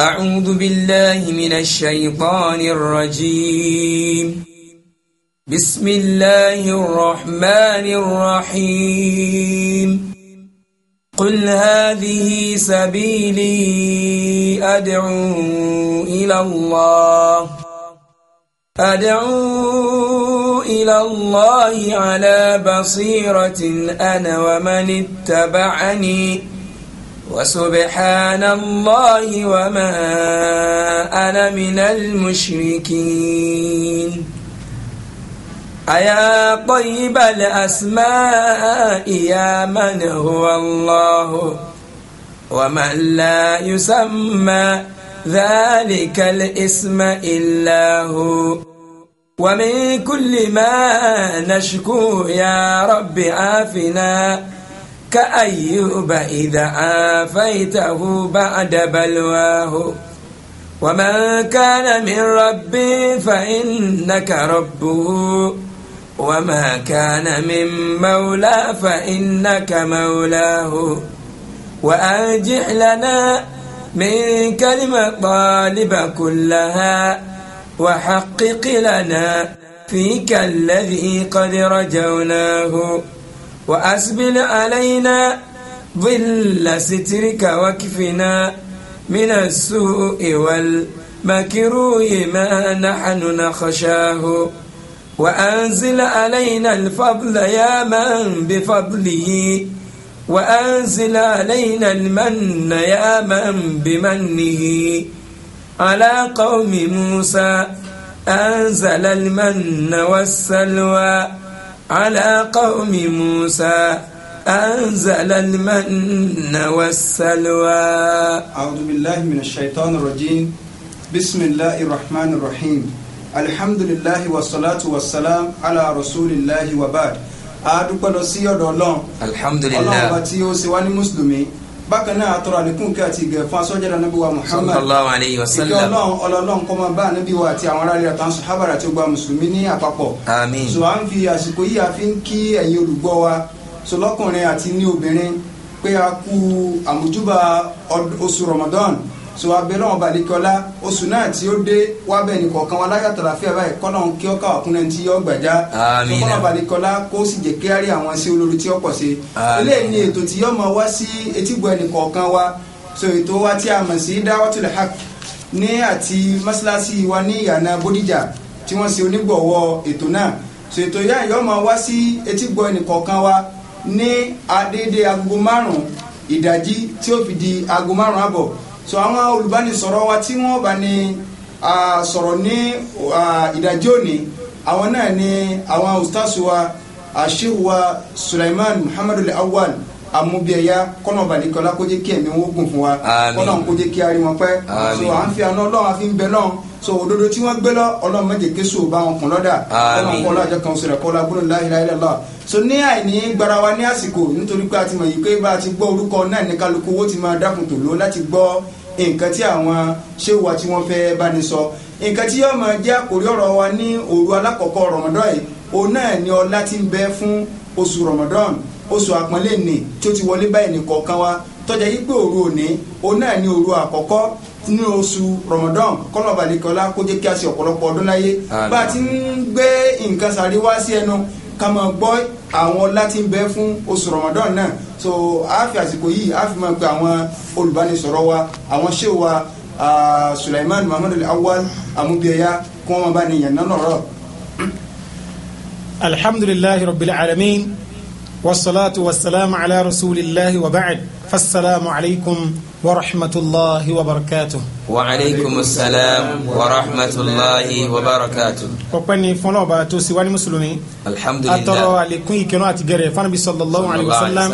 أعوذ بالله من الشيطان الرجيم بسم الله الرحمن الرحيم قل هذه سبيلي أدعو إلى الله أدعو إلى الله على بصيرة أنا ومن اتبعني وسبحان الله وما أنا من المشركين أيا طيب الأسماء يا من هو الله ومن لا يسمى ذلك الاسم إلا هو ومن كل ما نشكو يا رب عافنا كأيوب إذا عافيته بعد بلواه وما كان من ربي فإنك ربه وما كان من مولى فإنك مولاه وأجح لنا من كلمة طالبة كلها وحقق لنا فيك الذي قد رجوناه وأسبل علينا ظل سترك وكفنا من السوء والمكروه ما نحن نخشاه وأنزل علينا الفضل يا من بفضله وأنزل علينا المن يا من بمنه على قوم موسى أنزل المن والسلوى على قوم موسى أنزل المن والسلوى أعوذ بالله من الشيطان الرجيم بسم الله الرحمن الرحيم الحمد لله والصلاة والسلام على رسول الله وبعد adúpẹ́ lọ sí ọ̀dọ̀ ọlọ́run alhamdulilayi ọlọ́run ọba tí ó ṣe wá ní mùsùlùmí bákan náà àtọrọ àlékún kí àti ìgẹ̀ fún asọ́jà náà nàbí wa muhammad sallallahu alayhi wa sallam ìkẹ́ ọlọ́run ọlọ́run kọ́ máa bá nàbí wa àti àwọn aráàlú àtàwọn sàhábàrà tí ó mùsùlùmí ní àpapọ̀ àmín so à ń fi àsìkò yìí àfi ń kí ẹ̀yin olùgbọ́ wa so lọ́kùnrin àti ní obìnrin pé a kú àmójúbà oṣù ramadan so abẹ́rẹ́ wọn balikọ́lá oṣù náà tí ó dé wá bẹ́ẹ̀ ni kọ̀ọ̀kan wa láyà tàlàfíà báyìí kọ́nà kí ọkà ọ̀kúnlẹ̀ tí yọ gbàjá kọ́nà balikọ́lá kó sì jẹ́ kíárì àwọn sí olórí tí ó pọ̀ sí eléyìí ni ètò tí yọ mọ wá sí etígbọ̀ ẹnì kọ̀ọ̀kan wa so ètò wa tí a mọ̀ sí dáwọ́tulẹ̀ hak ní àti mọ́ṣáláṣí wa ní ìyànà bódìjà tí wọ́n ṣe onígbọ̀wọ́ ètò náà so ètò yá yọ mọ wá sí etígbọ̀ ẹnì kọ̀ọ̀kan wa ní tí ó fi di agogo márùn-ún àbọ̀ so àwọn olùbánisọ̀rọ̀ wa tí wọ́n bá ní sọ̀rọ̀ ní ìdájọ́ òní àwọn náà ni àwọn ustaz wa àṣewa Sulaiman Muhammadu Awwal amúbíẹyà kọ́nà balẹ̀kọ́lá kó jẹ́ kí ẹ̀mí wọn gùn fún wa kọ́nà kó kí arí wọn pẹ́ so à ń fi àná ọlọ́run àfi ń bẹ so òdodo tí wọ́n gbé lọ ọlọ́run méje kéṣù bá wọn kùn lọ́dà ọlọ́run kọ́lá àjọ kan la kọ́lá gbọ́dọ̀ láìláìlá so ní àìní gbara wa ní àsìkò nítorí pé a ti mọ̀ yìí pé bá a ti gbọ́ orúkọ náà ní kálukú owó ti máa dákun tòló láti gbọ́ nǹkan tí àwọn ṣéwà tí wọ́n fẹ́ bá ní sọ nǹkan tí yóò oṣù àpọ́nlé nì tí ó ti wọlé báyìí nìkọ̀ọ̀kan wa tọ́jà yí pé òru òní òun náà ní òru àkọ́kọ́ ní oṣù Ramadan kọlọba nìkọlá kó jẹ́ kí a ṣe ọ̀pọ̀lọpọ̀ ọdún láyé bá a ti ń gbé nǹkan sàrí wá sí ẹnu ká máa gbọ́ àwọn láti ń bẹ fún oṣù Ramadan náà so a fi àsìkò yìí a fi máa pe àwọn olùbánisọ̀rọ̀ wa àwọn ṣé wa Sulaiman Muhammad Awal amúbíyẹyà kí wọ́n máa bá ní ìyànnà náà rọ̀. alhamdulillahi rabbil alamin. والصلاة والسلام على رسول الله وبعد فالسلام عليكم ورحمة الله وبركاته وعليكم السلام ورحمة الله وبركاته وقني فلو باتو سواني مسلمي الحمد لله أترى لكم يكنوا أتجري فنبي صلى الله عليه وسلم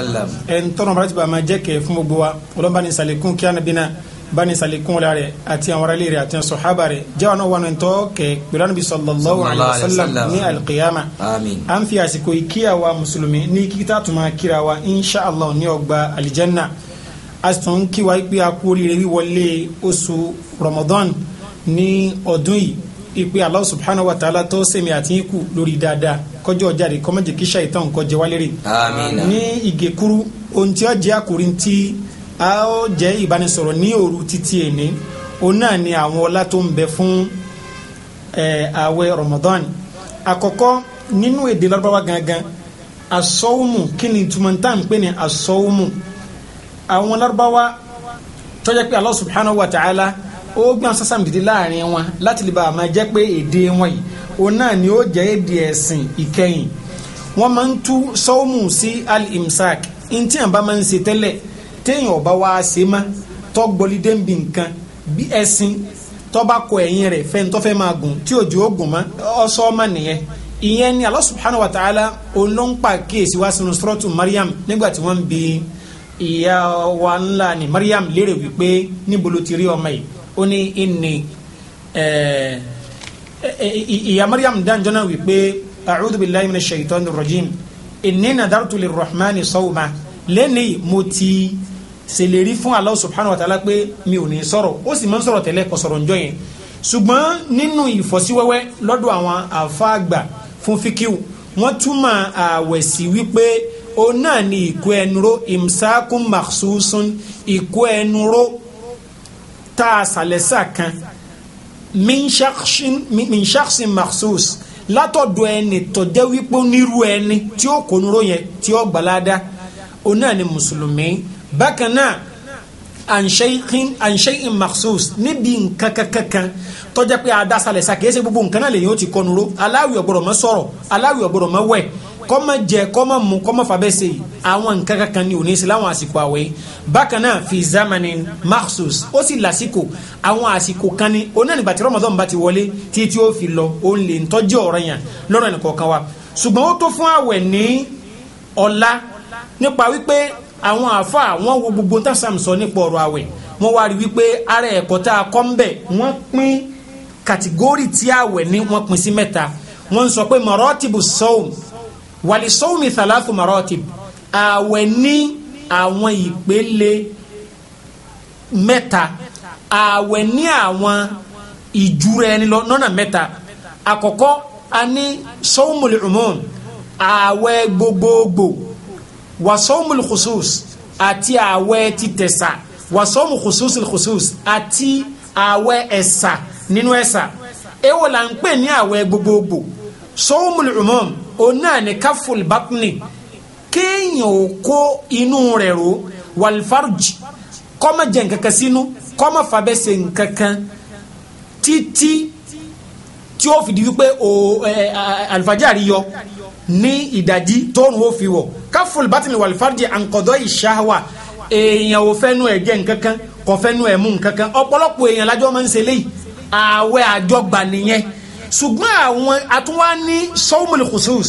إن ترى مرتبة ما جاك فمبوا ولما نسألكم كان بنا bani salikun la rẹ̀ àti àwọn ará ilé rẹ̀ àti sọ̀hábà rẹ̀ jáwọn náà wọn tọ́ kẹ pẹ̀lú ànábì sallallahu alayhi wa sallam ni alikiyama à ń fi àsìkò ìkíyà wa mùsùlùmí ni kita tó máa kíra wa insha allah ní ọgbà alijanna a sì tún kí wa pé a ramadan ni ọdún yìí ìpè Allah subhanahu wa ta'ala tó sèmi àti ikú lórí dáadáa kọjọ jáde kọmọjì kí ṣàìtàn kọjẹ wálé rè. ní ìgèkúrú ohun tí ó jẹ́ àkórí ti a ó jẹ́ ìbánisọ̀rọ̀ ní òru títí èní òun náà ni àwọn ọlá tó ń bẹ fún ààwẹ̀ Ramadan àkọ́kọ́ nínú èdè lọ́gbàwá gangan asọ́wùmù kí ni ìtumọ̀ tá à ń pè ní asọ́wùmù àwọn lárúbáwá tó pé Allah subhanahu wa ta'ala ó gbọ́n sásàm dìde láàrin wọn láti lè bá a jẹ́ pé èdè wọn yìí òun náà ni ó jẹ́ èdè ẹ̀sìn ìkẹyìn wọ́n máa ń tú sọ́wùmù sí al-imsak ntí àbá máa ń ṣe tẹ́lẹ̀ téèyàn ọba wa ṣe mọ́ tọ́gbọ́lídé ń bi nǹkan bí ẹṣin tọ́ba kọ ẹ̀yìn rẹ̀ fẹ́ni tó fẹ́ máa gùn tí òjò ògùn mọ́ ọ̀ṣọ́ ọmọ nìyẹn ìyẹn ni Allah subhanahu wa ta'ala olóńpà kíyèsí wa sínú sọ́rọ́tù Maryam nígbà tí wọ́n ń bi ìyá wa ńlá ni Maryam léèrè wípé níbo ló ti rí ọmọ yìí ó ní ìní ìyá Maryam dáńjọ́ náà wípé a'udhu billahi minash shaitanir rajim inni nadartu lirrahmani sawma lẹ́ni mo ti ṣèlérí fún Allah subhanahu wa ta'ala pé mi ò ní sọ̀rọ̀ ó sì máa ń sọ̀rọ̀ tẹ́lẹ̀ kò sọ̀rọ̀ njọ́ yẹn ṣùgbọ́n nínú ìfọ́síwẹ́wẹ́ lọ́dọ̀ àwọn àfáàgbà fún fíkíw wọ́n túmọ̀ ààwẹ̀ sí wípé o náà ni ìkó ẹnuró imsakun maksusun ìkó ẹnuró tá a sàlẹ̀sà kan min maksus látọ̀dọ̀ ẹni tọ́jẹ́ wípé onírú ẹni tí ó kó nuró yẹn tí ó gbalada Ona náà ni mùsùlùmí bákan náà ànṣe ìmàṣús níbi nǹkan kankan tọ́jà pé adásálẹ̀ sa kìí ṣe gbogbo nǹkan náà lèyìn ó ti kọnuró aláwì ọ̀gbọ̀rọ̀ mọ́ sọ̀rọ̀ aláwì ọ̀gbọ̀rọ̀ mọ́ wẹ̀ kọ́mọ jẹ kọ́mọ mu kọ́mọ fàbẹ́ ṣe àwọn nǹkan kankan ni òní ṣe láwọn àsìkò àwẹ̀ bákan náà fi zamani maxus ó sì lásìkò àwọn àsìkò kan ni òun náà nígbà tí rọmọdọ́n bá ti wọlé tí tí ó fi lọ òun lè ń tọ́jú ọ̀rọ̀ yẹn lọ́rọ̀ ẹnìkọ̀ọ̀kan wa ṣùgbọ́n ó tó fún àwẹ̀ ní ọ̀la nípa wípé àwọn àáfàá wọ́n wo gbogbo tásàm sọ nípa ọ̀rọ̀ àwẹ̀ wọ́n wá rí wípé ara ẹ̀kọ́ tá a kọ́ ń bẹ̀ wọ́n pín kàtígórì tí àwẹ̀ ní wọ́n pín sí mẹ́ta wọ́n sọ pé mọ̀rọ́tìbù sọ́ọ̀m wàlí sọ́ọ̀mì thalathu mọ̀rọ́tìbù àwẹ̀ ní àwọn ìpele mẹ́ta àwẹ̀ ní àwọn ìjúra ẹni lọ lọ́nà mẹ́ta àkọ́kọ́ a ní sọ́ọ̀mùlẹ̀ ọ̀mọ́n àwẹ̀ gbogbogbò wasọ́mu lukusus ati àwẹ̀ ti tẹ̀sà wasọ́mu kusus ati àti àwẹ̀ ẹ̀sà nínú ẹ̀sà èwo là ń pè ní àwẹ̀ gbogbogbò sọ́mu lumọ́m onáà ní káfùl bátìnì kéèyàn ò kó inú rẹ̀ ro wàlfàrùjì kọ́mọ jẹ nkankan sínú kọ́mọ fàbẹ́ ṣe nkankan títí tí ó alifajari yọ ní ìdajì tóun ó fi wọ̀ káfùl bátìlì wàlífàrìjì àǹkọ̀dọ́ ìṣáwà èèyàn ò fẹ́nu ẹ̀ jẹ́ nǹkan kan kò fẹ́nu ẹ̀ mú nǹkan kan ọ̀pọ̀lọpọ̀ èèyàn lájọ́ máa ń ṣe léyìí ààwẹ̀ àjọgbà nìyẹn ṣùgbọ́n àwọn àtúnwá ní sọ́wọ́mùlì kùsùs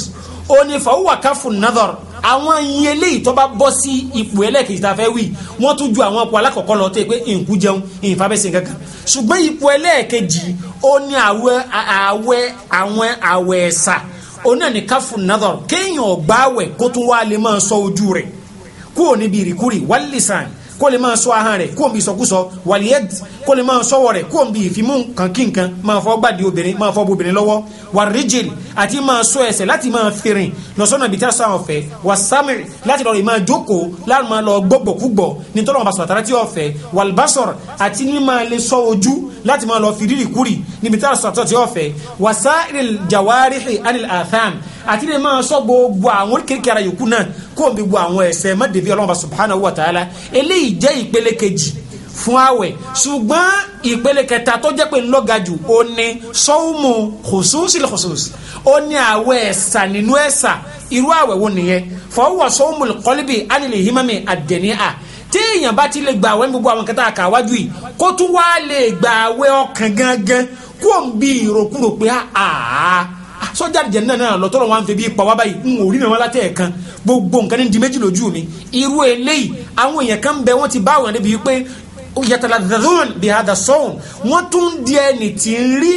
onífàwùwà káfùn nàdọ̀r àwọn iye léyìí tó bá bọ́ sí ipò ẹlẹ́kejì tá a fẹ́ wí wọ́n tún ju àwọn ọkọ̀ alákọ̀ọ́kọ́ lọ tó yẹ pé nkú jẹun nfa bẹ́sẹ̀ kankan ṣùgbọ́n ipò ẹlẹ́kejì ó ní àwẹ̀ àwẹ̀ àwọn àwẹ̀ ẹ̀sà òun náà ní káfù nadhar kéèyàn gbáwẹ̀ kó tún wá lè máa sọ ojú rẹ̀ kó o níbi ìrìkúrì wal lisan kó lè máa sọ ahọ́n rẹ̀ kó o bí sọkúsọ wal yad kó lè máa sọwọ́ rẹ̀ kó o bí ìfimú kankinkan máa fọ́ gbàdí obìnrin máa fọ́ bobìnrin lọ́wọ́ wal àti máa sọ ẹsẹ̀ láti máa fìrìn lọ́sọ́nà bíi tẹ́sán ọ̀fẹ́ wà sámì láti lọ́ọ́ máa jókòó láti máa lọ gbọ́gbọ̀kúgbọ̀ nítorí wọn bá sọ̀rọ̀ àtàrà tí ọ̀fẹ́ wal àti ní máa lè sọ ojú láti máa lọ fi rírì kúrì níbi tá a sàtọ́ ti ọ̀fẹ́ wàsá jawarihi anil athan àti lè máa sọ gbogbo àwọn kéèké ara yòókù náà kó o bí gbogbo àwọn ẹ̀ṣẹ̀ má dèbí ọlọ́run bá subhanahu wa ta'ala eléyìí jẹ́ ìpele kejì fún àwẹ̀ ṣùgbọ́n ìpele kẹta tó jẹ́ pé ńlọ́gajù ó ní sọ́wọ́mù khususil khusus ó ní àwẹ̀ ẹ̀sà nínú ẹ̀sà irú àwẹ̀ wo nìyẹn fọwọ́ sọ́wọ́mù kọ́líbì alìlè hímàmì àdẹ̀níà téèyàn bá ti lè gbà wẹ́ gbogbo àwọn kẹta àkàwájú yìí kó tún wá lè gbà wẹ́ ọkàn gangan kó ń bi ìròkúrò pé àá ah, ah, ah. sọ́jà àdìjẹ́ náà náà lọ́tọ́rọ̀ wọn fi bí pa wá báyìí n ò rí nàwọn látẹ̀ ẹ̀kan gbogbo nǹkan ní di lójú mi irú eléyìí àwọn èèyàn kan bẹ wọn ti bá àwọn ẹni bíi yàtàlá dàdún bí i àdàsọ́hùn wọ́n tún di ẹni tí ń rí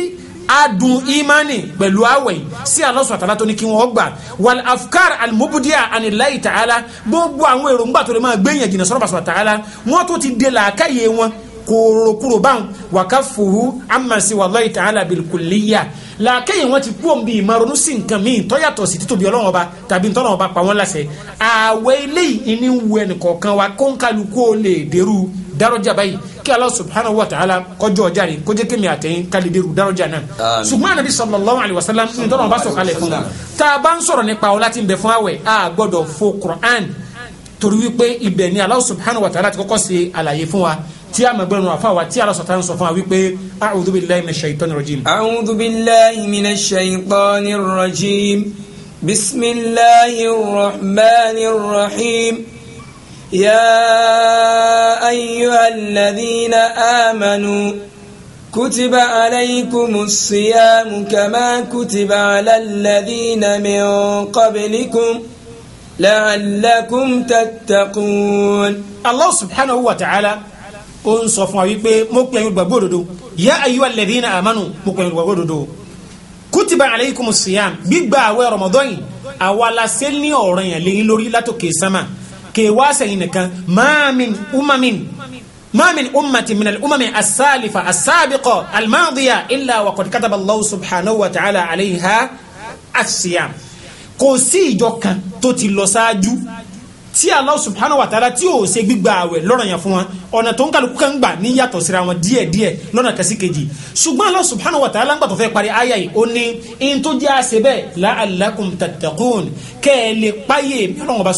adùn imani pẹ̀lú àwẹ̀ sí Allah Ta'ala tó ní kí wọ́n gbà wal afkar almubudia anilayi ta'ala gbogbo àwọn èròǹgbà tó lè máa gbẹ̀yìn jìnnà sọ́rọ̀ ta'ala wọ́n tó ti dé làákàyè wọn kúròkúrò báwọn wàká fòrú amasi wallahi ta'ala bilkuliya làákàyè wọn ti kú òǹbí ìmọ̀rún sí nǹkan míì tọ́yàtọ̀ sí títóbi ọlọ́wọ́n ba tàbí ntọ́nà ọba pa wọ́n láṣẹ àwẹ̀ eléyìí ní wù ẹnìkọ̀ọ̀kan wa kó ń kálukú dárọ́jà báyìí kí Allah subhanahu wa ta'ala kọjú ọjà rẹ̀ kó jẹ́ kí mi àtẹ̀yìn kálídéru dárọ́jà náà. ṣùgbọ́n anabi sallallahu alayhi wa sallam ní tọ́lọ́ bá sọ̀kalẹ̀ fún un tá a bá ń sọ̀rọ̀ nípa ọlá tí ń bẹ fún a gbọ́dọ̀ fo Qur'an torí wípé ibẹ̀ ni Allah subhanahu wa ta'ala ti kọ́kọ́ ṣe àlàyé fún wa tí a máa gbẹnu àfa wa tí a lọ sọ̀tà ń sọ fún wa wípé a'udhu billahi minash shaitani rajim. a'udhu billahi minash shaitani rajim bismillahir rahmanir rahim. يا أيها الذين آمنوا كتب عليكم الصيام كما كتب على الذين من قبلكم لعلكم تتقون الله سبحانه وتعالى ó ń sọ fún wa wípé mo pè yín gbàgbọ́ òdodo yá ayyuhal ladhina amanu mo pè yín gbàgbọ́ òdodo kutiba alaykumus siyam gbígba àwẹ̀ Ramadan yìí àwa la ṣe ní ọ̀ranyàn lé yín lórí látòkè sánmà kèwà sẹ́yìn nìkan maamin umamin maamin ummati min al-umami as-salifa as-sabiqa al-maadiya illa wa qad kataba allahu subhanahu wa ta'ala alayha as-siyam kò sí ìjọ kan tó ti lọ ṣáájú tí Allah subhanahu wa ta'ala tí ó ṣe gbígba àwẹ̀ lọ́rọ̀ yẹn fún wa ọ̀nà tó ń kálukú kan gbà ní yàtọ̀ síra wọn díẹ̀ díẹ̀ lọ́nà kẹsí kejì ṣùgbọ́n Allah subhanahu wa ta'ala ń gbà tó fẹ́ parí àyà yìí ó ní in tó jẹ́ àṣẹ bẹ́ẹ̀ la'allakum tattaqun kẹ́ ẹ lè páyè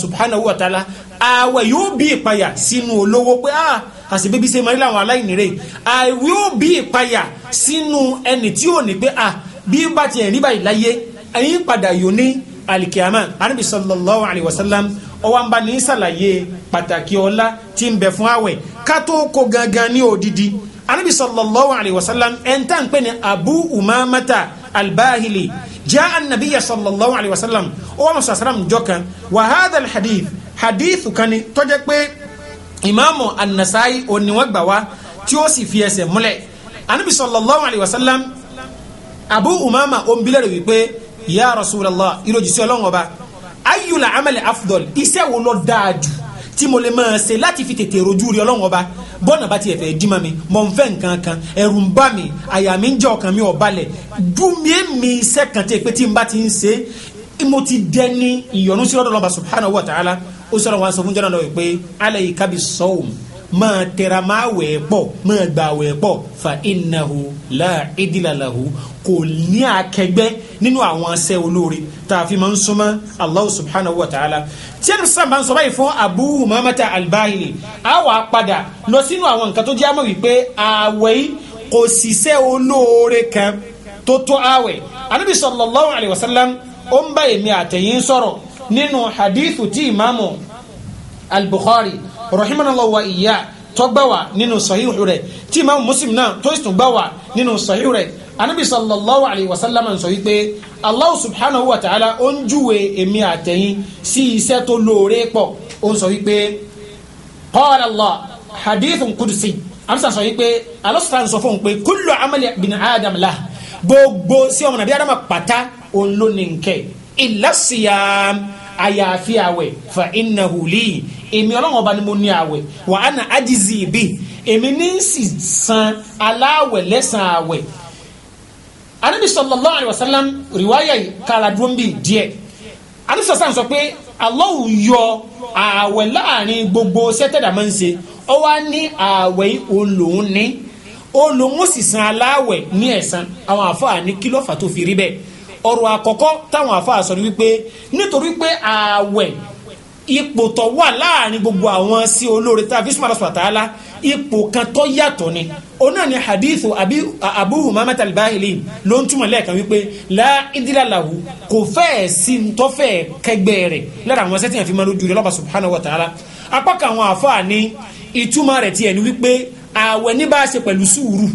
subhanahu wa ta'ala ààwẹ̀ yóò bí ìpayà sínú olówó pé a ah, àṣìbí bí ṣe máa rí làwọn aláìní rè ààwẹ̀ yóò bí ìpayà sínú ẹni tí ò ní pé a ah, bí bá tiẹ̀ rí báyìí láyé ẹ̀yìn padà yóò ní alikiyama anabi sallallahu alayhi wa sallam ọwọ́ nba ní sàlàyé pàtàkì ọlá tí ń bẹ fún ààwẹ̀ kátó kó gangan ní òdìdí anabi sallallahu alayhi wa sallam ẹ̀ ń tà ń pè ní abu umamata albahili جاء النبي صلى الله عليه وسلم وما سلم جوكا وهذا الحديث حديث كان توجك إمام النسائي ونوجبوا تيوسي في اسم ملئ النبي صلى الله عليه وسلم أبو أمامة أم بلال يا رسول الله إلو جسي الله أيو العمل أفضل إسا ولو داجو tí mo lè máa ṣe láti fi tètè rojú rí ọlọ́run ọba bọ́ọ̀nà bá tiẹ̀ fẹ́ dímọ̀ mi mọ̀ n fẹ́ nǹkan kan ẹ̀rù ń bà mí àyà mi ń jẹ́ ọkàn mi ò balẹ̀ dúmi mi iṣẹ́ kan tẹ̀ pé tí n bá ti ń ṣe mo ti dẹni ìyọnu sí ọ̀dọ̀ ọlọ́ba subhanahu wa ta'ala ó sọ̀rọ̀ wọn sọ fún jọ́nà lọ́wọ́ pé alayka bis sawm máa tẹra máa wẹ̀ pọ̀ máa gbà wẹ̀ pọ̀ fa innahu la idila lahu kò ní akẹgbẹ́ nínú àwọn ṣẹ́ olóore tá a fi máa ń súnmọ́ Allahu subhanahu wa ta'ala tí ẹni sábà ń sọ báyìí fún Abu Umamata al-Bahili a wà padà lọ sínú àwọn nǹkan tó jẹ́ àmọ́ wípé ààwẹ̀ yìí kò sì ṣẹ́ olóore kan tó tó ààwẹ̀ Ànábì sallallahu alayhi wa sallam ó ń bá èmi àtẹ̀yìn sọ̀rọ̀ nínú hadithu rahimanallahu wa iya tọgbà wá nínú sahihu rẹ̀ tí imaamu muslim náà tó sì tún gbà wá nínú sahihu rẹ̀ anabi sallallahu alayhi wa sallam sọ wípé allah subhanahu wa ta'ala ó ń júwe èmi àtẹ̀yìn sí iṣẹ́ tó lóore pọ̀ ó ń sọ wípé qala allah hadithun kudusi amsa sọ wípé alọ́sọ̀tà sọ fún un pé kullu amali bin adam la gbogbo sí ọmọ nàbí adam pàtà òun ló ní nkẹ́ illa fa innahu èmi ọlọ́run ọba ni mo ní àwẹ̀ wà á nà ájízì ìbí èmi ní sì san aláwẹ̀ lẹ́sàn àwẹ̀ anabi sallallahu alayhi wa sallam riwaya yìí kára dúró ń bì díẹ̀ anabi sọ pé Allahu yọ àwẹ̀ láàrin gbogbo sẹ́tẹ̀dà máa ń ṣe ọ wá ní àwẹ̀ olóhùn ní olóhùn sì san aláwẹ̀ ní ẹ̀san àwọn àfáà ní kí ló fi rí bẹ́ẹ̀ ọ̀rọ̀ àkọ́kọ́ táwọn àfáà sọ ni wípé nítorí pé àwẹ̀ ipò tó wà láàrin gbogbo àwọn sí olóore tá a fi súnmọ́ àlọ́sùn àtàlá ipò kan tó yàtọ̀ ni onáà ni hadithu abu umama talibahili ló ń túmọ̀ lẹ́ẹ̀kan wípé la idilalahu kò fẹ́ẹ̀ sí tọ́fẹ́ kẹgbẹ́ rẹ̀ lára àwọn sẹ́tìyàn fi máa lójú rẹ̀ lọ́ba subhanahu wa ta'ala apá kan àwọn àfáà ni ìtumọ̀ rẹ̀ tiẹ̀ ni wípé ààwẹ̀ ní bá a ṣe pẹ̀lú sùúrù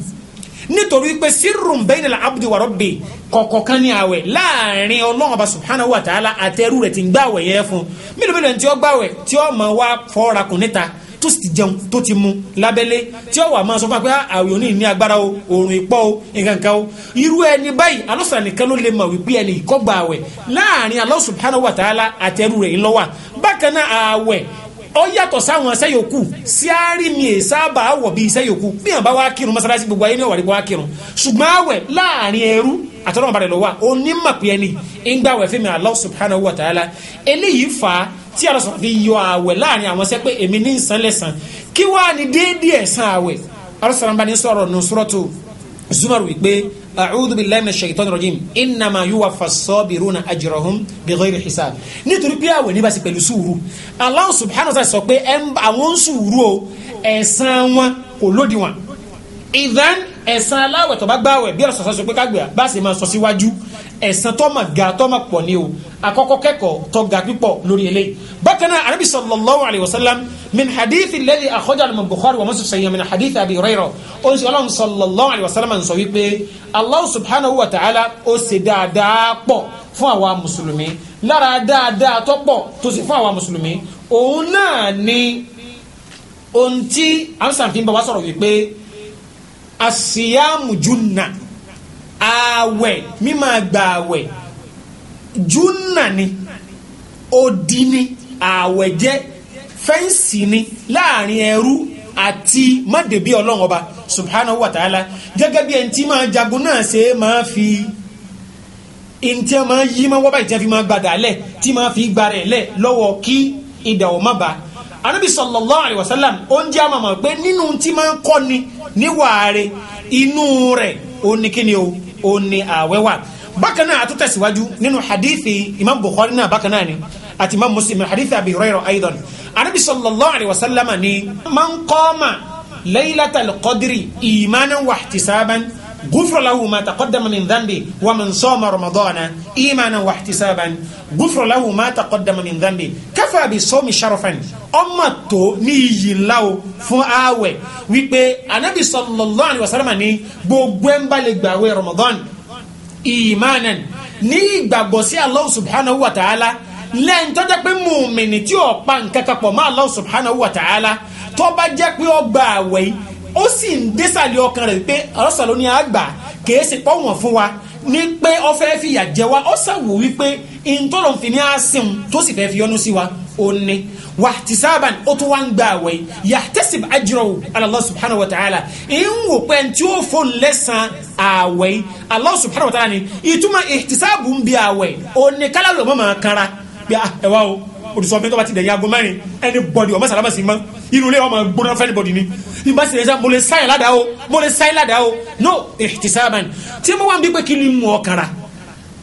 nítorí pé sírùn bẹ́yìn la abdi wa rabbi kọ̀kọ̀kan ní àwẹ̀ láàrin ọlọ́run ọba subhanahu wa ta'ala àtẹrù rẹ̀ ti ń gbàwẹ̀ yẹ fún mílò mílò tí ó gbàwẹ̀ tí ó máa wá fọ́ra kùn níta tó sì ti jẹun tó ti mu lábẹ́lé tí ó wà máa sọ fún wa pé ah, àwẹ̀ òní ní agbára o òòrùn ìpọ́ o nǹkan kan o irú ẹni báyìí alọ́sàn nìkan ló lè mọ̀ wípé ẹni ìkọ́gbà láàrin Allah subhanahu wa ta'ala àtẹrù rẹ̀ ńlọ́wà bákan ọ yàtọ̀ sáwọn iṣẹ́ yòókù sí àárín mi è sábà wọ̀ bí iṣẹ́ yòókù bí wọn bá wá kírun mọ́sálásí gbogbo ayé ní ọ̀wà nípa wá kírun ṣùgbọ́n àwẹ̀ láàrin ẹrú àtọ́nà ọ̀bàdàn lọ́wọ́ onímọ̀ pé ẹni fẹ́mi Allah subhanahu wa ta'ala eléyìí fà á tí Allah sọ̀rọ̀ fi yọ àwẹ̀ láàrin àwọn sẹ́ pé èmi ní ìsan lẹ́san kí wàá ní déédéé ẹ̀san àwẹ̀ Allah sọ̀rọ̀ a'udhu billahi minash shaitani rajim innama yuwaffas sabiruna ajrahum bighayri hisab nítorí pé àwẹ̀ níbàṣẹ pẹ̀lú sùúrù Allah subhanahu wa ta'ala sọ pé àwọn ń sùúrù o ẹ̀san wọn kò lódì wọn ìdán ẹ̀san aláwẹ̀ tó bá gbàwẹ̀ bí ọ̀rọ̀ sọ̀sọ́ sọ pé kágbẹ̀ bá sì máa sọ síwájú ẹ̀sán tọ́mọ̀ ga tọ́mọ̀ pọ̀ ní o akọ́kọ́ kẹ́kọ̀ọ́ tọ́ ga pípọ̀ lórí eléyìí bákan náà arabi sallallahu alayhi wa sallam min hadithi lẹ́yìn akọ́jà lọ́mọ bukhari wa musu sẹ́yìn min hadithi abi rẹ́rọ̀ oṣù ọlọ́run sallallahu alayhi wa sallam ń sọ wípé allah subhanahu wa ta'ala ó ṣe dáadáa pọ̀ fún àwa mùsùlùmí lára dáadáa tó pọ̀ tó sì fún àwa mùsùlùmí òun náà ni ohun tí amsan fi ń bá wa sọ̀rọ̀ wípé asiyamu ààwẹ̀ mímọ́ gba ààwẹ̀ júnà ni odi ni ààwẹ̀ jẹ́ fẹ́ǹsì ni láàrin ẹrú àti mọ́dẹ̀bí ọlọ́run ọba subhanahu wa ta'ala gẹ́gẹ́ bi ẹni tí máa jagun náà ṣe máa fi ntí máa yí máa wọ́pẹ́ ìtẹ́ fi máa gbàdà lẹ̀ tí máa fi gba rẹ̀ lẹ̀ lọ́wọ́ kí idà ò ba anabi sallallahu alayhi wa sallam oúnjẹ àmọ́ mọ̀ pé nínú tí ni níwàá rẹ̀ inú rẹ̀ ó ní òun ni ààwẹ̀ wà bákan náà àtúntẹ̀ síwájú nínú hadithi imam bukhari náà bákan náà ni àti imam muslim hadithi abi hurayra aidan anabi sallallahu alayhi wa sallam ni man qama laylatal qadri imanan wa ihtisaban غفر له ما تقدم من ذنبه ومن صام رمضان إيمانا واحتسابا غفر له ما تقدم من ذنبه كفى بالصوم شرفا أما تو نيي لاو فون آوي ويبي النبي صلى الله عليه وسلم ني بوغوين بالغباوي رمضان إيمانا ني بابوسي الله سبحانه وتعالى lẹ́yìn tó jẹ́ pé mùmìnì tí ó pa nǹkan kan pọ̀ mọ́ Allah subhanahu wa ta'ala ó sì ń désàlẹ̀ ọkàn rẹ̀ pé ọlọ́sàn ló ní àgbà kìí ṣe pọ́ wọ̀n fún wa ní pé ọ fẹ́ fìyà jẹ wa ọ sàwò wípé ìtọ́lọ̀ fi ní àsìn tó sì fẹ́ fi yọnu sí wa ó ní wà tí sábà ó tún wá ń gba àwẹ̀ yà tẹ́sí àjùrọ̀ Allah subhanahu wa ta'ala ń wò pé tí ó fò lẹ́sàn àwẹ̀ Allah subhanahu wa ta'ala ni ìtumọ̀ ìtìsáàbù ń bi àwẹ̀ ó ní kálá lọ́mọ́ máa kanra bí ah, ẹ̀wá o òdìsọ mi tó bá ti dẹ̀yìn aago mẹ́rin ẹni bọ̀dì ọmọ sàlámà sí mọ́ inú ilé ọmọ gbóná fẹ́ni bọ̀dì ni ìbá sì rẹ̀sẹ̀ mo lè sáyẹ̀ ládàá o mo lè sáyẹ̀ ládàá o no ihtisaban tí mo wà ń bí pé kí ni mu ọ̀kàrà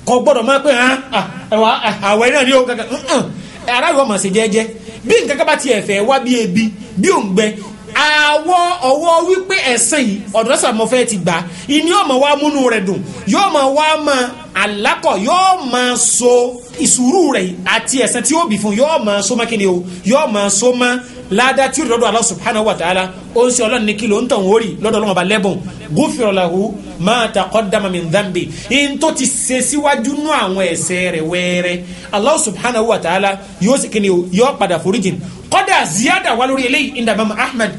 kò gbọ́dọ̀ máa pé hàn ẹ̀wà àwẹ̀ náà ni ó kankan aráàlú ọmọ ṣe jẹ́jẹ́ bí nǹkan kan bá tiẹ̀ fẹ́ wá bí ebi bí òǹgbẹ àwọ ọwọ wípé ẹ̀sìn yìí ọ̀dọ́sàmọ́fẹ́ ti gbà ìní ọmọ wa múnú rẹ̀ dùn yóò mọ̀ wá máa alákọ̀ yóò máa so ìsúrú rẹ̀ àti ẹ̀sẹ̀ tí ó bì fún yóò máa so mákìlì o yóò máa so mọ́ ládá tí ó dọ̀dọ̀ Allah subhanahu wa ta'ala ó ń sọ ọlọ́run ní kí ló ń tàn wórì lọ́dọ̀ ọlọ́run ọba lẹ́bùn gufira lahu ma taqaddama min dhanbi in ti ṣe síwájú nú àwọn ẹ̀ṣẹ̀ rẹ̀ wẹ́ẹ́rẹ́ Allah subhanahu wa ta'ala yóò sì kíni o yóò padà foríjìn kọ́dà ziyada wà lórí eléyìí indamama Ahmad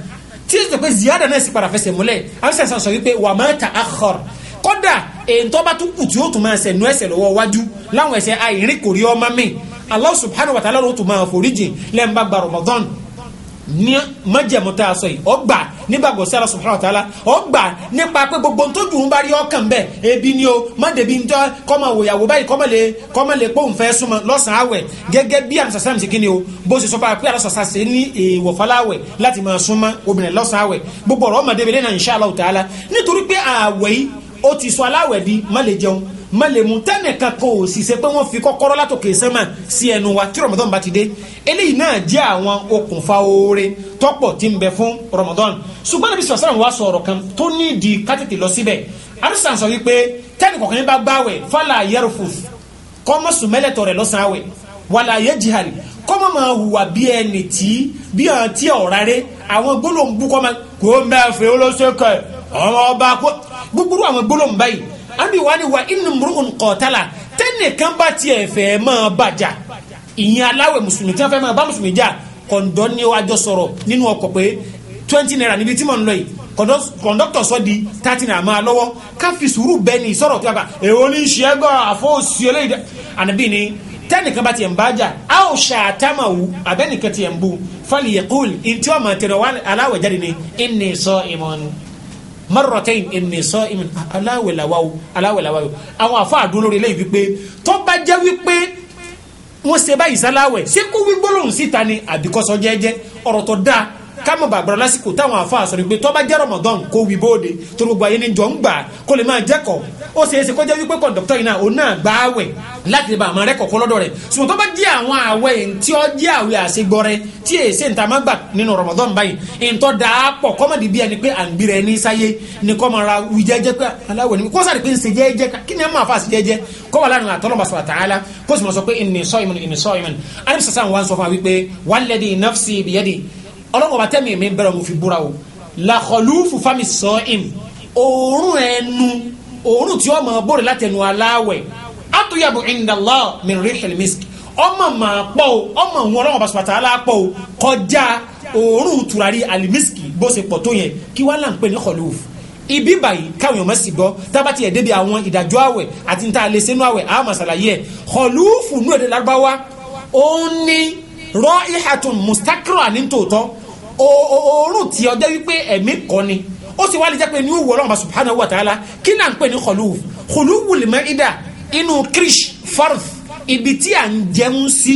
tí ó sì pé ziyada náà sì padà fẹsẹ̀ múlẹ̀ àwọn sẹ́sàn sọ wípé wà má ta akhar kódà èyí tó bá tún kù tí ó tún máa ṣẹ̀nu ẹ̀ṣẹ̀ lọ́wọ́ wájú láwọn ẹ̀ṣẹ̀ àìrí kò ọmọ mi Allah subhanahu wa ta'ala ló tún máa foríjì lẹ́nba gba Ramadan ní májẹ̀mú tá a sọ yìí ọgbà nígbàgbọ́ sí Allah subhanahu wa ta'ala ọgbà nípa pé gbogbo ntójú ń bá rí ọkàn bẹ́ẹ̀ ebi ni o mọ́dẹ̀bi ń tọ́ kọ́mọ wòyàwó báyìí kọ́mọ lè kọ́mọ lè pọ́ùn fẹ́ súnmọ́ lọ́sàn-án àwẹ̀ gẹ́gẹ́ bí àmì sí kíni o bó ṣe sọ fún wa pé àlọ́sàsà ṣe ní èèwọ̀ fọláwẹ̀ láti máa súnmọ́ obìnrin lọ́sàn-án àwẹ̀ gbogbo ọ̀rọ̀ ọmọdébìnrin náà insha Allah ó ti sọ aláwẹ̀ di má lè jẹun má lè mú tẹ́nìkan kò sì ṣe pé wọ́n fi kọ́kọ́rọ́ látòkè sẹ́mà sí ẹnu wa tí Ramadan bá ti dé eléyìí náà jẹ́ àwọn okùnfà oore tọ́pọ̀ tí ń bẹ fún Ramadan ṣùgbọ́n àbí sọ̀rọ̀ wa sọ̀rọ̀ kan tó ní ìdí kátètè lọ síbẹ̀ arúsàn sọ wípé tẹ́nìkọ̀kan yín bá gbààwẹ̀ fálà yarfus kọ́mọ̀sùn mẹ́lẹ̀tọ̀ rẹ̀ lọ́sàn-án àwẹ̀ wàlà yajhal kọ́mọ̀ máa hùwà bí ẹni tí bí àwọn tí ọ̀rá rẹ̀ àwọn gbólóhùn bú kọ́mọ kò ń ọba kó gbogbo àwọn gbólóhùn báyìí àbí wàá ní wa inú mùrùkùn kọ̀ọ̀tàlà tẹ́nìkan bá tiẹ̀ fẹ́ máa bàjá ìyẹn aláwẹ̀ mùsùlùmí tí wọ́n fẹ́ máa bá mùsùlùmí jà kọ̀ǹdọ́ ni wàá jọ sọ̀rọ̀ nínú ọkọ̀ pé twenty naira níbi tí mò ń lọ yìí kọ̀ǹdọ́tọ̀ sọ di thirty naira máa lọ́wọ́ ká fi sùúrù bẹ́ẹ̀ ni sọ̀rọ̀ tó yàgbà èwo ní ṣe é gbọ́ àfọ́sí eléyìí ànábì ni tẹ́nìkan bá tiẹ̀ ń bá jà a ò ṣàtàmà wù abẹ́nìkan tiẹ̀ ń bu fali yẹ kúl ntí wàá máa tẹ̀lé marrotain èmi sọ èmi aláwẹ̀láwáwò aláwẹ̀láwáwò àwọn àfọ àdúró lórí eléyìí wípé tó bá jẹ́ wípé wọ́n ṣe báyìí sáláwẹ̀ ṣé kó wí gbólóhùn síta ni àbíkọ́sọ jẹ́jẹ́ ọ̀rọ̀ tó dáa kámọ̀ bàbá lásìkò táwọn àfáà sọ̀rọ̀ pé tọ́ba jẹ́ Ramadan kó wí bóde tó gbogbo ayé ni jọ ń gbà kó lè máa jẹ́kọ̀ ó ṣeé ṣe kọjá wípé kọ̀ǹdọ̀tọ̀ yìí náà òun náà gbà àwẹ̀ láti lè bá àmọ́ rẹ̀ kọ̀kọ́ lọ́dọ̀ rẹ̀ ṣùgbọ́n tọ́ba jẹ́ àwọn àwẹ̀ tí ó jẹ́ àwẹ̀ àṣegbọ́rẹ́ tí èsè ń ta má gbà nínú Ramadan báyìí ntọ́ da pọ̀ kọ́mọ̀dé bíi ẹni ni kọ́ ra wí jẹ́jẹ́ pé aláwọ̀ ni ni a máa fa ṣe jẹ́jẹ́ kọ́ wà lánàá àtọ́lọ́mọ sọ̀rọ̀ tààlà kó sì mọ̀ sọ pé ìnìṣọ́ ìmọ̀ ìnìṣọ́ ìmọ̀ àdìsọ́sàn wa ń sọ fún wa wípé ọlọ́run ọba tẹ́mi mi bẹ̀rẹ̀ mo fi búra o làkọlù fúfami sàn im òórùn ẹnu òórùn tí wọ́n máa bóre látẹnu aláwẹ̀ àtúnyàbò ìndàlá min rihil misk ọmọ màá pọ̀ o ọmọ òun ọlọ́run ọba sọ̀tà alápọ̀ o kọjá òórùn tùràrí alimiski bó ṣe pọ̀ tó yẹn kí wọ́n là ń pè ní kọlù ibi báyìí káwọn èèyàn mọ̀sí gbọ́ tábà tiẹ̀ débi àwọn ìdájọ́ àwẹ̀ àti níta lè sẹ́nu àwẹ̀ àwọn màsàlàyé ẹ̀ kọlùfù nú èdè lárúbáwá ó ní rọ ìhàtún mustakra ní tòótọ́ òórùn tí ọjọ́ wípé ẹ̀mí kọ́ ni ó sì wá lè jẹ́ pé ní ìwọ ọlọ́run subhanahu wa ta'ala kí náà ń pè ní khuluw khuluw lè mọ ida inú krish farth ibi tí à ń jẹun sí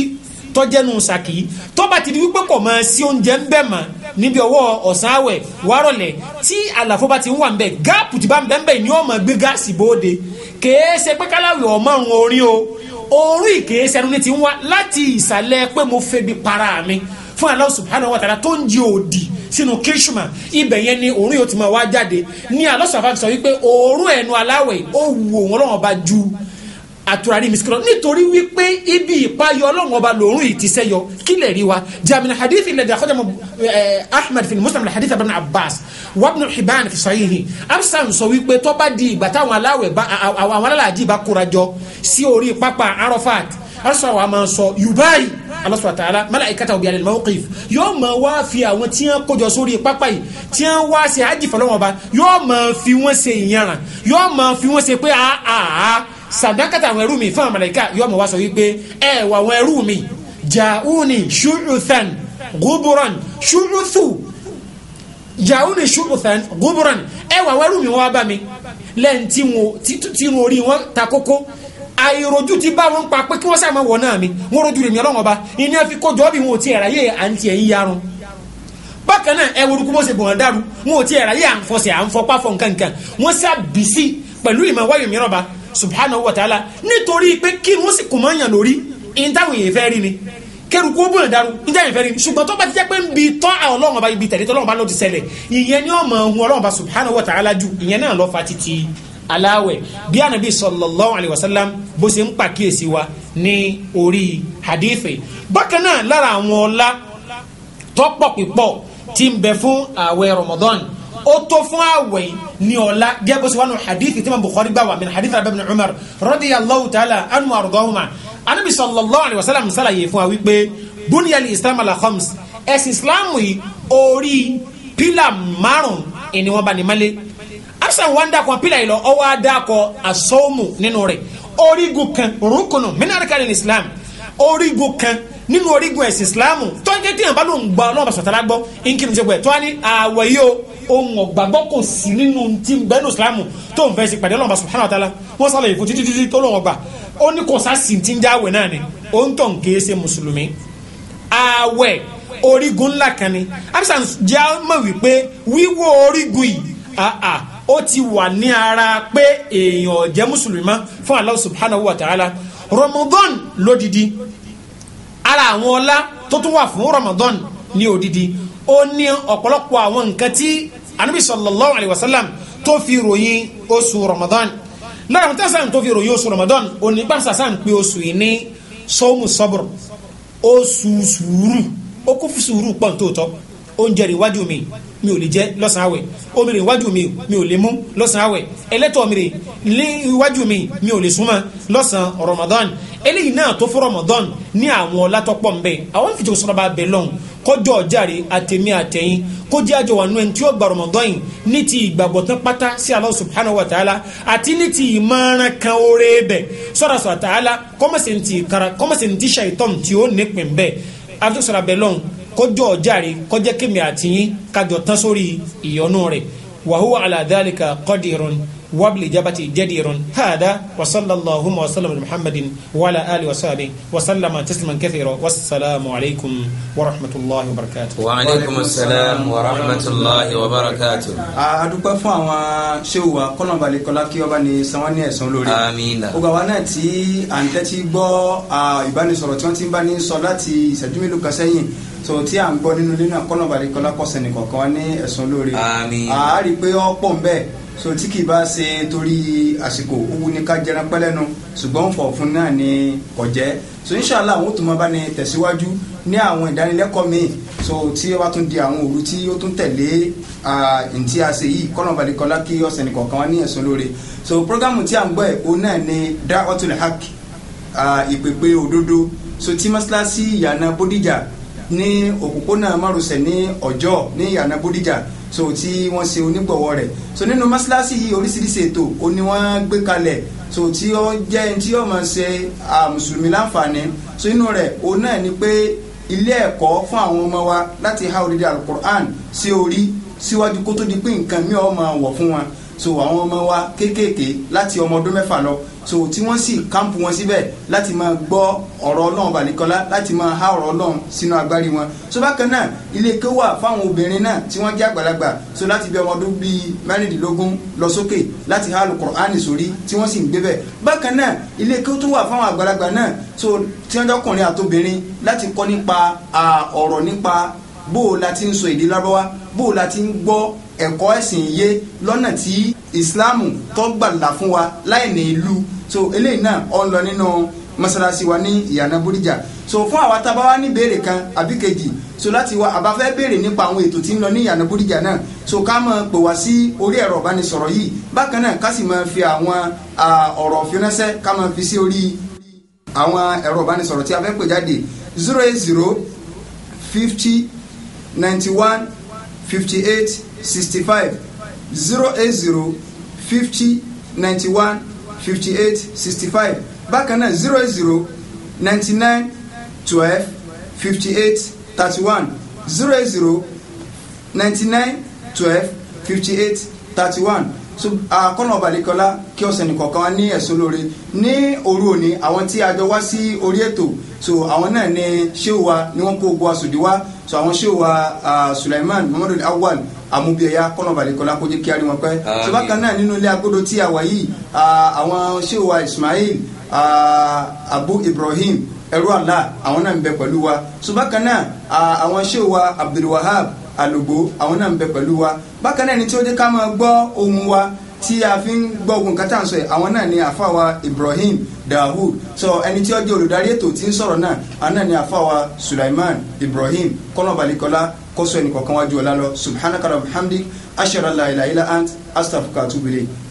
tọ́jẹ́nu sàkì tọ́ba ti di wípé kò mọ sí oúnjẹ ń bẹ̀ mọ́ níbi ọwọ́ ọ̀sán àwẹ̀ wárọ̀lẹ̀ tí àlàfo bá ti ń wà ń bẹ̀ gáàpù ti bá ń bẹ̀ ń bẹ̀ ni ọmọ gbé gáàsì bóde kèé ṣe pé káláwì ọmọrun orin o orí kèé ṣẹnu ní ti ń wá láti ìsàlẹ̀ pé mo febi para mi fún Allah subhanahu wa ta'ala tó ń di òdì sínú kirishima ibẹ̀ yẹn ni òórùn yóò ti máa wá jáde ní Allah subhanahu sọ wípé òórùn ẹnu aláwẹ̀ ó wù òun ọlọ́run ọba ju àtúrarí miskilọ nítorí wípé ibi ìpayọ ọlọ́run ọba lòórùn yìí ti sẹ́yọ kílẹ̀ rí wa jaamin hadith ilẹ̀ dàkọ́jà mọ eh, ahmed fi muslim hadith ibn abbas wabnu hibban fi sahihi absan sọ wípé tó bá di ìgbà táwọn aláwẹ̀ bá àwọn alálàájì bá kóra jọ sí orí pápá arafat arsa wa ma sọ yubayi Allah subhanahu wa ta'ala malaikata obi alil mawqif yóò ma wá fi àwọn tí wọn kójọ sórí pápá yìí tí wọn wá ṣe àjìfọlọ́wọ́n ba yóò ma fi wọn ṣe ìyànràn yóò ma fi wọn ṣe pé àá àá sàdákàtà àwọn ẹrú mi fún àmàlẹ́kà yóò mọ̀ wá sọ wípé ẹ wà àwọn ẹrú mi jàúni ṣùrùtàn gúbúrán ṣùrùtù jàúni ṣùrùtàn gúbúrán ẹ wà àwọn ẹrú mi wọ́n wá bá mi lẹ́yìn tí wọn tí wọn orí wọn ta kókó àìrojú ti bá wọn pa pé kí wọ́n sàmọ́ wọ̀ náà mi wọ́n rojú rèmi ọlọ́wọ́n ba ìní àfi kọjọ́ bí wọn ò tiẹ̀ ráyè à ń tiẹ̀ yí yarun bákan náà ẹ worúkú bó ṣe bọ̀ wọn dàrú wọn ò tiẹ̀ ráyè à ń fọṣẹ̀ à ń fọpá fọ nǹkan nǹkan sábìsí pẹ̀lú ìmọ̀ wáyò mìíràn ba subhanahu wa ta'ala nítorí pé kí wọ́n sì kò yàn lórí in táwọn èèyàn fẹ́ rí ni kẹrù kó bóyá dàrú in táwọn èèyàn fẹ́ rí ni ṣùgbọ́n tó bá ti jẹ́ pé ń bi tọ́ àwọn ọlọ́run ọba ibi tẹ̀lé tọ́ ọlọ́run ọba ló ti ṣẹlẹ̀ ìyẹn ni ọmọ ohun ọlọ́run ọba subhanahu wa ta'ala ju ìyẹn náà lọ fa titi aláwẹ̀ bí anabi sallallahu alayhi wa sallam bó ṣe ń pàkíyèsí wa ní orí hadithi bákan náà lára àwọn ọlá tọ́pọ̀ pípọ̀ ti ń bẹ fún ààwẹ̀ ramadan ó tó fún àwẹ̀ ní ọ̀la gẹ́gẹ́ bó ṣe wà nù hadith tí ma Bukhari gbà wà min hadith Abdullah ibn Umar radiyallahu ta'ala anhu arugahuma anabi sallallahu alayhi wa sallam sàlàyé fún wa wípé bunyali islam ala khams ẹ̀sìn islam yìí orí pílà márùn ìní wọn bá ní malé absalom wa ń dàkọ pílà yìí lọ ọwọ́ adàkọ asọ́ọ̀mù nínú rẹ̀ orígun kan rúkùnù mínàríkà ní islam orígun kan nínú orígun ẹ̀sìn islamu tó ń jẹ́ tí yàrá ló ń gba ọlọ́run bàṣọ tàlá gbọ́ nkiri ṣe pẹ̀ tó wá ní àwọ̀ yìí o ohun ọ̀gbàgbọ́ kò sí nínú ti bẹ́nu islamu tó ń fẹ́ sí pàdé ọlọ́run bàṣọ subhanahu wa ta'ala wọ́n sálẹ̀ yìí fún títí títí tó lọ́wọ́ gbà ó ní kò sásì ti ń jáwé náà ni ó ń tàn kéé ṣe mùsùlùmí àwẹ̀ orígun ńlá kan ni abisa jẹ́ mọ̀ wípé wíwó orígun yìí ó ti wà ní ara pé èèyàn jẹ́ mùsùlùmí mọ́ fún Allah subhanahu wa ta'ala Ramadan lódìdí ara àwọn ọlá tó tún wà fún Ramadan ní odidi ó ní ọ̀pọ̀lọpọ̀ àwọn nǹkan tí anabi sallallahu alayhi wa sallam tó fi ròyìn oṣù Ramadan lára àwọn tẹ́sán tó fi ròyìn oṣù Ramadan onígbàsásán pé oṣù yìí ní sọ́mù sọ́bùrù oṣù sùúrù ó kún fún sùúrù pọ̀ tó tọ́ oúnjẹ rẹ̀ wájú mi mi ò lè jẹ lọ́sàn-án omi rẹ̀ wájú mi mi ò lè mú lọ́sàn-án àwẹ̀ ẹlẹ́tọ̀ mi rẹ̀ níwájú mi mi ò lè súnmọ́ lọ́sàn-án Ramadan eléyìí náà tó fún Ramadan ní àwọn ọlá tó pọ̀ nbẹ àwọn fìjọ sọ́nà bá bẹ lọ́hùn kọjọ ọjàre àtẹmí àtẹyìn kọjá àjọ wà nù ẹni tí ó gba Ramadan yìí ní ti ìgbàgbọ́ tán pátá sí Allah subhanahu wa ta'ala àti ní ti ìmọ̀ràn kan oore bẹ̀ sọ́dà sọ̀tàlá kọ́mọ̀sẹ̀ ntì kara kọ́mọ̀sẹ̀ ntì ṣàìtọ́n tí ó nípìn bẹ́ẹ̀ àfijọ́sọ̀rọ̀ abẹ́lọ́hùn kọjọ ọjàre kọjẹ kémi àtìyín kájọ tán sórí ìyọnu rẹ̀ wàhùwà ala dhalika وبالإجابة جدير هذا وصلى اللهم وسلم على محمد وعلى آله وصحبه وسلم تسليما كثيرا والسلام عليكم ورحمة الله وبركاته وعليكم السلام ورحمة الله وبركاته adúpẹ́ fún àwọn ṣéwù wa kọ́nà balẹ̀ kọ́lá kí ọba ní sanwó ní ẹ̀sán lórí. amiina. ọgbà wa náà tí à ń tẹ́tí gbọ́ ìbánisọ̀rọ̀ tí wọ́n ti ń bá ní sọ láti ìṣẹ́jú mélòó kan sẹ́yìn so tí à ń gbọ́ nínú ilé náà kọ́nà balẹ̀ kọ́lá kọ́sẹ̀ nìkan kan ní ẹ̀sán lórí. amiina. àárí pé ọ̀pọ̀ ń bẹ́ẹ̀ so tí kì í bá ṣe torí àsìkò owó ní ká jẹran pẹ́lẹ́nu ṣùgbọ́n fọ̀ náà ni kò jẹ́ so inshàlá àwọn tó máa bá ni tẹ̀síwájú ní àwọn ìdánilẹ́kọ̀ọ́ míì so tí ó bá tún di àwọn òru tí ó tún tẹ̀lé ntí a ṣe yìí kọ́nà balẹ̀kọ́lá kí ọ̀sẹ̀ nìkan kan wá ní ẹ̀sùn lóore so programu tí a ń gbọ́ ẹ̀ òun náà ni da'watul haq ìpèpè òdodo so tí mọ́ṣáláṣí ìyànà bódìjà ní òpópónà márosẹ̀ ní ọjọ́ ní ìyànà bódìjà so tí wọ́n ṣe onígbọ̀wọ́ rẹ̀ so nínú mọ́ṣáláṣí yìí oríṣiríṣi ètò ó ní wọ́n gbé kalẹ̀ so tí ó jẹ́ tí ó máa ṣe mùsùlùmí láǹfààní so inú rẹ̀ òun náà ni pé ilé ẹ̀kọ́ fún àwọn ọmọ wa láti há odidi alukur'an sí orí síwájú kó tó di pé nǹkan mi ò máa wọ̀ fún wa so àwọn ọmọ wa kéékèèké láti ọmọ ọdún mẹ́fà lọ so tí wọ́n sì kámpù wọn síbẹ̀ láti máa gbọ́ ọ̀rọ̀ ọlọ́run balikọ́lá láti máa há ọ̀rọ̀ ọlọ́run sínú agbárí wọn so bákan náà ilé ké wà fáwọn obìnrin náà tí wọ́n jẹ́ àgbàlagbà so láti bí ọmọ ọdún bíi mẹ́rìndínlógún lọ sókè láti há Al-Kùránì sórí tí wọ́n sì ń gbé bẹ̀ bákan náà ilé ké tó wà fáwọn àgbàlagbà náà so tí wọ́n jọkùnrin àtobìnrin láti kọ́ nípa ọ̀rọ̀ nípa bó o la ti ń sọ èdè lárọ́wá bó o la ti ń gbọ́ ẹ̀kọ́ ẹ̀sìn yé lọ́nà tí ìsìláàmù tó gbàlà fún wa láì ní ìlú so eléyìí náà ọ̀ ń lọ nínú mọ́sálásí wa ní ìyànà bódìjà so fún àwa tá a bá wá ní béèrè kan àbí kejì so láti wá àbá fẹ́ béèrè nípa àwọn ètò tí ń lọ ní ìyànà bódìjà náà so ká máa pè wá sí orí ẹ̀rọ ìbánisọ̀rọ̀ yìí bákan náà ká sì máa fi àwọn ọ̀rọ̀ fínránṣẹ́ ká máa fi sí orí àwọn ẹ̀rọ ìbánisọ̀rọ̀ tí a fẹ́ pè jáde zero eight zero fifty ninety one fifty eight sixty five zero eight zero fifty ninety one fifty eight sixty five bákan náà zero eight zero ninety nine twelve fifty eight thirty one zero zero ninety nine twelve fifty eight thirty one so akọ́nà ọ̀bàlẹ́kọ́lá kí ọ̀sẹ̀ nìkọ̀ọ̀kan ní ẹ̀sùn lóore ní òru òní àwọn tí a jọ wá sí orí ètò so àwọn náà ni ṣéwà ni wọ́n kó gbọ́ àsòdì wá so àwọn ṣéwà ah, Sulaiman Muhammadu Awal amúbíyẹyà kọ́nàbàlẹ́kọ́lá kó jẹ́ kí a rí wọn pẹ́ ṣùgbọ́n kan náà nínú ilé agodo tí a wà yìí àwọn ṣéwà Ismail Abu Ibrahim ẹrú àlá àwọn náà ń bẹ pẹ̀lú wa ṣùgbọ́n kan náà àwọn ṣéwà Abdulwahab alogbo àwọn náà ń bẹ pẹ̀lú wa bákan náà ẹni tí ó jẹ́ ká máa ohun wa tí a fi ń gbọ́ ogun nǹkan tá à àwọn náà ni àfàwà Ibrahim Dahud So ẹni tí ó jẹ́ olùdarí ètò tí ń sọ̀rọ̀ náà àwọn náà ni àfàwà Sulaiman Ibrahim kọ́nà balikọ́lá kó sọ ẹnì wájú ọ̀la lọ subhanaka rabbil hamdi ashara la ilaha illa ant astaghfiruka wa